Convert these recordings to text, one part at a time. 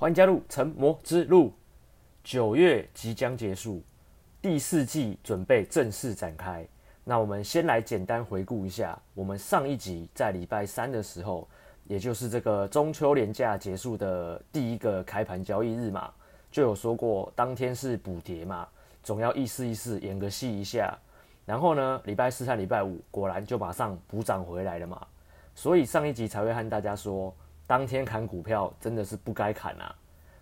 歡迎加入《成魔之路》。九月即將結束，第四季準備正式展開。那我們先來簡單回顧一下，我們上一集在禮拜三的時候，也就是這個中秋連假結束的第一個開盤交易日嘛，就有說過當天是補跌嘛，總要意思意思演個戲一下。然後呢，禮拜四和禮拜五果然就馬上補漲回來了嘛，所以上一集才會和大家說。當天砍股票真的是不該砍啊！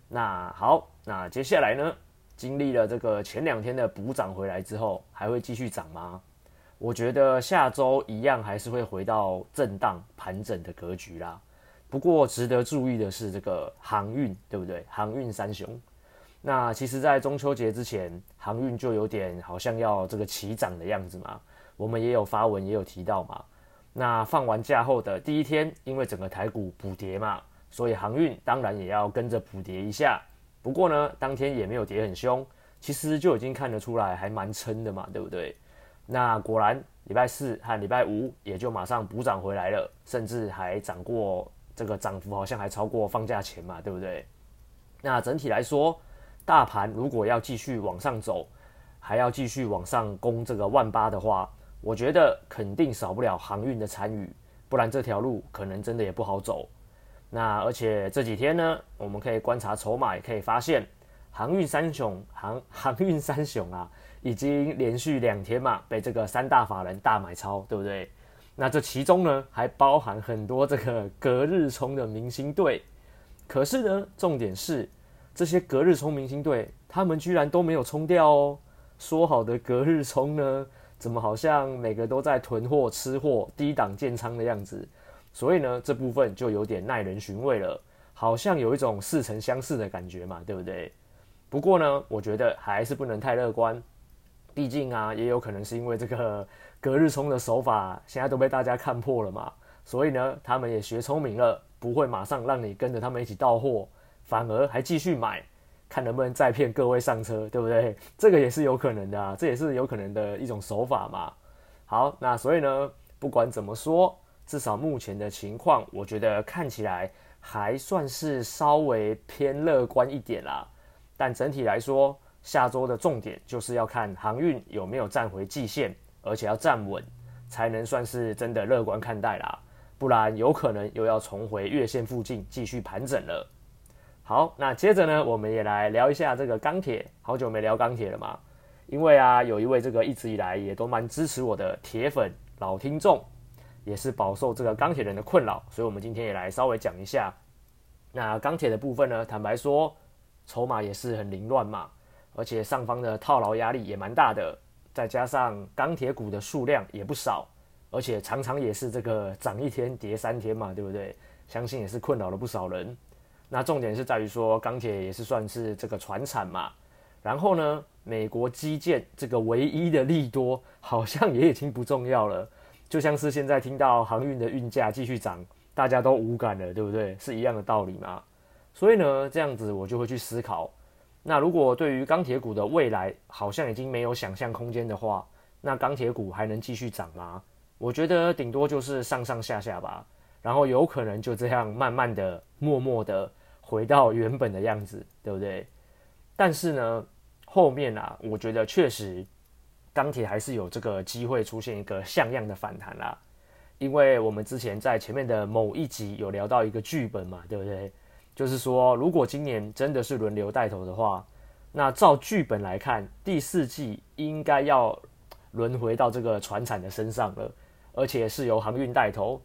那好，那接下來呢？經歷了這個前兩天的補漲回來之後，還會繼續漲嗎？我覺得下周一樣還是會回到震盪盤整的格局啦。不過值得注意的是，這個航運對不對？航運三雄，那其實在中秋節之前，航運就有點好像要這個起漲的樣子嘛。我們也有發文，也有提到嘛。那放完假後的第一天，因為整個台股補跌嘛，所以航運當然也要跟着補跌一下。不過呢，當天也沒有跌很兇，其實就已經看得出來還蠻撐的嘛，對不對？那果然禮拜四和禮拜五也就馬上補漲回來了，甚至還漲過，這個漲幅好像還超過放假前嘛，對不對？那整體來說，大盤如果要繼續往上走，還要繼續往上攻這個萬八的話。我覺得肯定少不了航運的參與，不然這條路可能真的也不好走。那而且這幾天呢，我們可以觀察籌碼，也可以發現，航運三雄航航運三雄啊，已經連續兩天嘛，被這個三大法人大買超，對不對？那這其中呢，還包含很多這個隔日沖的明星隊。可是呢，重點是這些隔日沖明星隊，他們居然都沒有沖掉哦。說好的隔日沖呢？怎麼好像每個都在囤貨、吃貨、低檔建倉的樣子？所以呢，這部分就有點耐人尋味了，好像有一種似曾相識的感覺嘛，對不對？不過呢，我覺得還是不能太樂觀，畢竟啊，也有可能是因為這個隔日沖的手法現在都被大家看破了嘛，所以呢，他們也學聰明了，不會馬上讓你跟着他們一起到貨，反而還繼續買。看能不能再騙各位上車，對不對？這個也是有可能的啊，這也是有可能的一種手法嘛。好，那所以呢，不管怎麼說，至少目前的情況，我覺得看起來還算是稍微偏樂觀一點啦。但整體來說，下周的重點就是要看航運有沒有站回季線，而且要站穩，才能算是真的樂觀看待啦。不然有可能又要重回月線附近繼續盤整了。好，那接着呢，我們也來聊一下這個鋼鐵。好久沒聊鋼鐵了嘛，因為啊，有一位這個一直以來也都蠻支持我的鐵粉老聽眾，也是飽受這個鋼鐵人的困擾，所以我們今天也來稍微講一下。那鋼鐵的部分呢，坦白說，籌碼也是很凌亂嘛，而且上方的套牢壓力也蠻大的，再加上鋼鐵股的數量也不少，而且常常也是這個漲一天跌三天嘛，對不對？相信也是困擾了不少人。那重點是在於說，鋼鐵也是算是這個傳產嘛。然後呢，美國基建這個唯一的利多好像也已經不重要了。就像是現在聽到航運的運價繼續漲，大家都無感了，對不對？是一樣的道理嘛。所以呢，這樣子我就會去思考，那如果對於鋼鐵股的未來好像已經沒有想象空間的話，那鋼鐵股還能繼續漲嗎？我覺得頂多就是上上下下吧。然後有可能就這樣慢慢的、默默的回到原本的樣子，對不對？但是呢，後面啊，我覺得確實鋼鐵還是有這個機會出現一個像樣的反彈啦，因為我們之前在前面的某一集有聊到一個劇本嘛，對不對？就是說，如果今年真的是輪流帶頭的話，那照劇本來看，第四季應該要輪回到這個傳產的身上了，而且是由航運帶頭。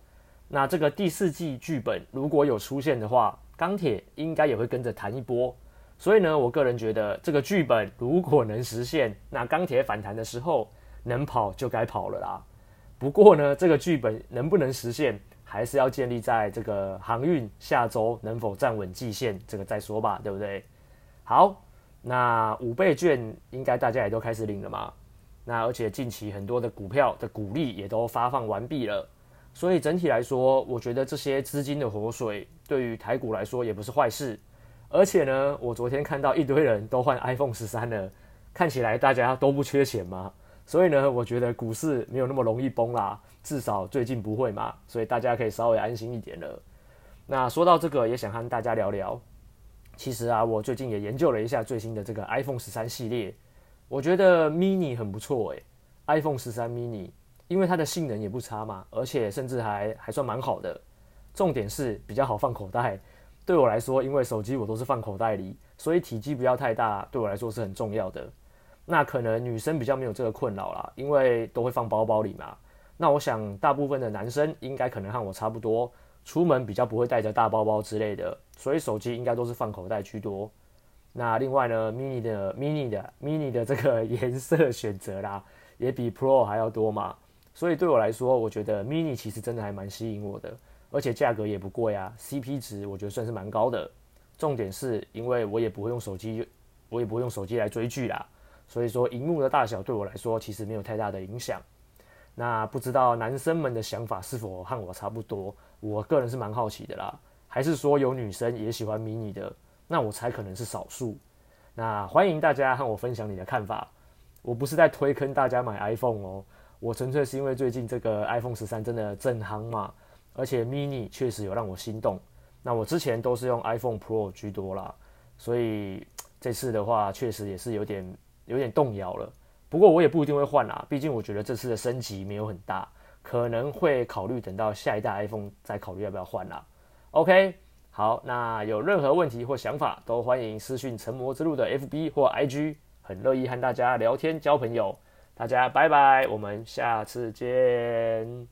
那這個第四季劇本如果有出現的話，鋼鐵應該也會跟着彈一波。所以呢，我個人覺得這個劇本如果能實現，那鋼鐵反彈的時候能跑就該跑了啦。不過呢，這個劇本能不能實現，還是要建立在這個航運下周能否站穩季線這個再說吧，對不對？好，那五倍券應該大家也都開始領了嘛。那而且近期很多的股票的股利也都發放完畢了。所以整體來說，我覺得這些資金的活水對於台股來說也不是壞事。而且呢，我昨天看到一堆人都換 iPhone 十三了，看起來大家都不缺錢嘛。所以呢，我覺得股市沒有那麼容易崩啦，至少最近不會嘛。所以大家可以稍微安心一點了。那說到這個，也想和大家聊聊。其實啊，我最近也研究了一下最新的這個 iPhone 十三系列，我覺得 Mini 很不錯欸，iPhone 十三 Mini。因為它的性能也不差嘛，而且甚至還還算蠻好的。重點是比較好放口袋。對我來說，因為手機我都是放口袋裡，所以體積不要太大，對我來說是很重要的。那可能女生比較沒有這個困擾啦，因為都會放包包裡嘛。那我想大部分的男生應該可能和我差不多，出門比較不會帶着大包包之類的，所以手機應該都是放口袋居多。那另外呢，mini 的 mini 的 mini 的這個顏色選擇啦，也比 Pro 還要多嘛。所以對我來說，我覺得 mini 其實真的還蠻吸引我的，而且價格也不貴啊，CP 值我覺得算是蠻高的。重點是，因為我也不會用手機，我也不會用手機來追劇啦，所以說熒幕的大小對我來說其實沒有太大的影響。那不知道男生們的想法是否和我差不多？我個人是蠻好奇的啦，還是說有女生也喜歡 mini 的？那我猜可能是少數。那歡迎大家和我分享你的看法，我不是在推坑大家買 iPhone 哦。我純粹是因為最近這個 iPhone 十三真的震撼嘛，而且 Mini 確實有讓我心動。那我之前都是用 iPhone Pro 居多啦，所以這次的話確實也是有點有點動搖了。不過我也不一定會換啦，啊，畢竟我覺得這次的升級沒有很大，可能會考慮等到下一代 iPhone 再考慮要不要換啦，啊。OK，好，那有任何問題或想法都歡迎私訊成魔之路的 FB 或 IG，很樂意和大家聊天交朋友。大家拜拜，我們下次見。